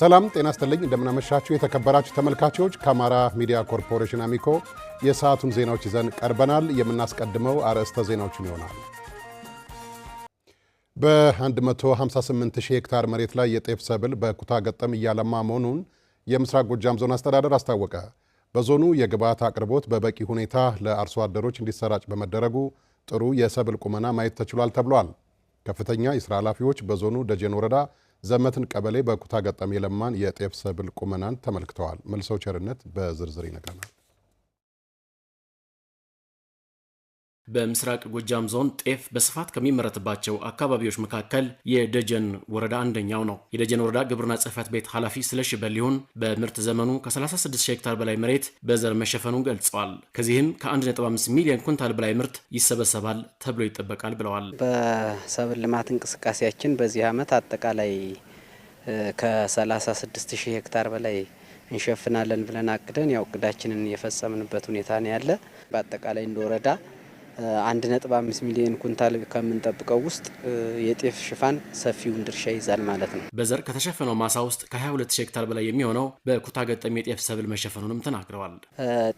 ሰላም ጤና ስትልኝ እንደምናመሻችሁ የተከበራችሁ ተመልካቾች፣ ከአማራ ሚዲያ ኮርፖሬሽን አሚኮ የሰዓቱን ዜናዎች ይዘን ቀርበናል። የምናስቀድመው አርዕስተ ዜናዎችን ይሆናል። በ158 ሄክታር መሬት ላይ የጤፍ ሰብል በኩታ ገጠም እያለማ መሆኑን የምስራቅ ጎጃም ዞን አስተዳደር አስታወቀ። በዞኑ የግብዓት አቅርቦት በበቂ ሁኔታ ለአርሶ አደሮች እንዲሰራጭ በመደረጉ ጥሩ የሰብል ቁመና ማየት ተችሏል ተብሏል። ከፍተኛ የስራ ኃላፊዎች በዞኑ ደጀን ወረዳ ዘመትን ቀበሌ በኩታ ገጠም የለማን የጤፍ ሰብል ቁመናን ተመልክተዋል። መልሰው ቸርነት በዝርዝር ይነግረናል። በምስራቅ ጎጃም ዞን ጤፍ በስፋት ከሚመረትባቸው አካባቢዎች መካከል የደጀን ወረዳ አንደኛው ነው። የደጀን ወረዳ ግብርና ጽህፈት ቤት ኃላፊ ስለሺ በሊሁን በምርት ዘመኑ ከ36 ሄክታር በላይ መሬት በዘር መሸፈኑን ገልጸዋል። ከዚህም ከ1.5 ሚሊዮን ኩንታል በላይ ምርት ይሰበሰባል ተብሎ ይጠበቃል ብለዋል። በሰብል ልማት እንቅስቃሴያችን በዚህ ዓመት አጠቃላይ ከ36 ሺህ ሄክታር በላይ እንሸፍናለን ብለን አቅደን ያው እቅዳችንን የፈጸምንበት ሁኔታ ነው ያለ በአጠቃላይ እንደ ወረዳ አንድ ነጥብ አምስት ሚሊዮን ኩንታል ከምንጠብቀው ውስጥ የጤፍ ሽፋን ሰፊውን ድርሻ ይዛል ማለት ነው። በዘር ከተሸፈነው ማሳ ውስጥ ከ22 ሄክታር በላይ የሚሆነው በኩታ ገጠም የጤፍ ሰብል መሸፈኑንም ተናግረዋል።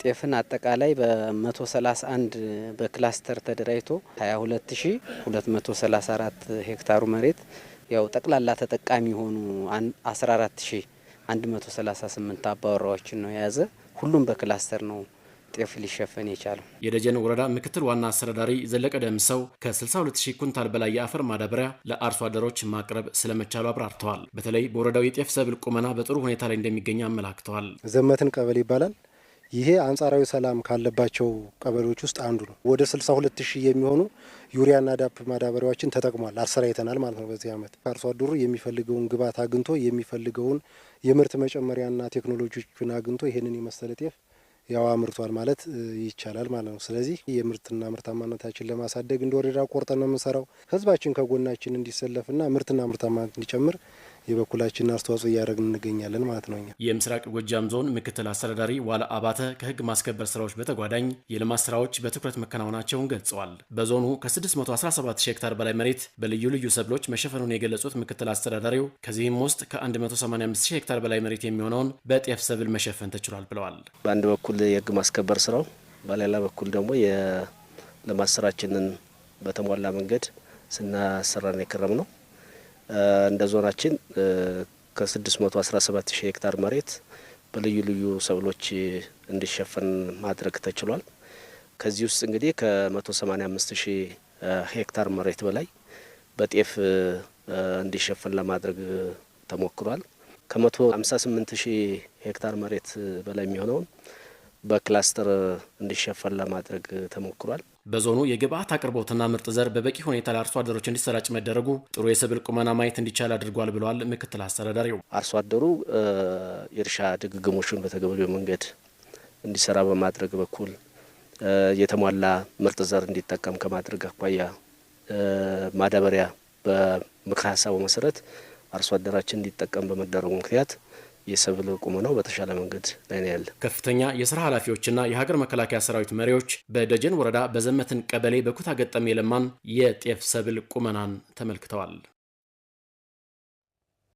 ጤፍን አጠቃላይ በ131 በክላስተር ተደራጅቶ 22234 ሄክታሩ መሬት ያው ጠቅላላ ተጠቃሚ የሆኑ 14138 አባወራዎችን ነው የያዘ። ሁሉም በክላስተር ነው ጤፍ ሊሸፈን የቻለው። የደጀን ወረዳ ምክትል ዋና አስተዳዳሪ ዘለቀ ደምሰው ከ62000 ኩንታል በላይ የአፈር ማዳበሪያ ለአርሶ አደሮች ማቅረብ ስለመቻሉ አብራርተዋል። በተለይ በወረዳው የጤፍ ሰብል ቁመና በጥሩ ሁኔታ ላይ እንደሚገኝ አመላክተዋል። ዘመትን ቀበሌ ይባላል። ይሄ አንጻራዊ ሰላም ካለባቸው ቀበሌዎች ውስጥ አንዱ ነው። ወደ 62 ሺህ የሚሆኑ ዩሪያና ዳፕ ማዳበሪያዎችን ተጠቅሟል፣ አሰራይተናል ማለት ነው። በዚህ አመት አርሶ አደሩ የሚፈልገውን ግብዓት አግኝቶ የሚፈልገውን የምርት መጨመሪያና ቴክኖሎጂዎችን አግኝቶ ይህንን የመሰለ ጤፍ ያው አምርቷል ማለት ይቻላል ማለት ነው። ስለዚህ የምርትና ምርታማነታችን ለማሳደግ እንደ ወረዳ ቆርጠን ነው የምንሰራው። ህዝባችን ከጎናችን እንዲሰለፍና ምርትና ምርታማነት እንዲጨምር የበኩላችንን አስተዋጽኦ እያደረግን እንገኛለን ማለት ነው። የምስራቅ ጎጃም ዞን ምክትል አስተዳዳሪ ዋለ አባተ ከህግ ማስከበር ስራዎች በተጓዳኝ የልማት ስራዎች በትኩረት መከናወናቸውን ገልጸዋል። በዞኑ ከ617 ሺህ ሄክታር በላይ መሬት በልዩ ልዩ ሰብሎች መሸፈኑን የገለጹት ምክትል አስተዳዳሪው ከዚህም ውስጥ ከ185 ሺህ ሄክታር በላይ መሬት የሚሆነውን በጤፍ ሰብል መሸፈን ተችሏል ብለዋል። በአንድ በኩል የህግ ማስከበር ስራው፣ በሌላ በኩል ደግሞ የልማት ስራችንን በተሟላ መንገድ ስናሰራን የከረም ነው። እንደ ዞናችን ከ617 ሺህ ሄክታር መሬት በልዩ ልዩ ሰብሎች እንዲሸፈን ማድረግ ተችሏል። ከዚህ ውስጥ እንግዲህ ከ185 ሺህ ሄክታር መሬት በላይ በጤፍ እንዲሸፈን ለማድረግ ተሞክሯል። ከ158 ሺህ ሄክታር መሬት በላይ የሚሆነውን በክላስተር እንዲሸፈን ለማድረግ ተሞክሯል። በዞኑ የግብአት አቅርቦትና ምርጥ ዘር በበቂ ሁኔታ ለአርሶ አደሮች እንዲሰራጭ መደረጉ ጥሩ የሰብል ቁመና ማየት እንዲቻል አድርጓል ብለዋል ምክትል አስተዳዳሪው። አርሶ አደሩ የእርሻ ድግግሞሹን በተገቢው መንገድ እንዲሰራ በማድረግ በኩል የተሟላ ምርጥ ዘር እንዲጠቀም ከማድረግ አኳያ ማዳበሪያ በምክረ ሀሳቡ መሰረት አርሶ አደራችን እንዲጠቀም በመደረጉ ምክንያት የሰብል ነው በተሻለ መንገድ ላይ ነው ያለ። ከፍተኛ የስራ ኃላፊዎችና የሀገር መከላከያ ሰራዊት መሪዎች በደጀን ወረዳ በዘመትን ቀበሌ በኩታ ገጠም የለማን የጤፍ ሰብል ቁመናን ተመልክተዋል።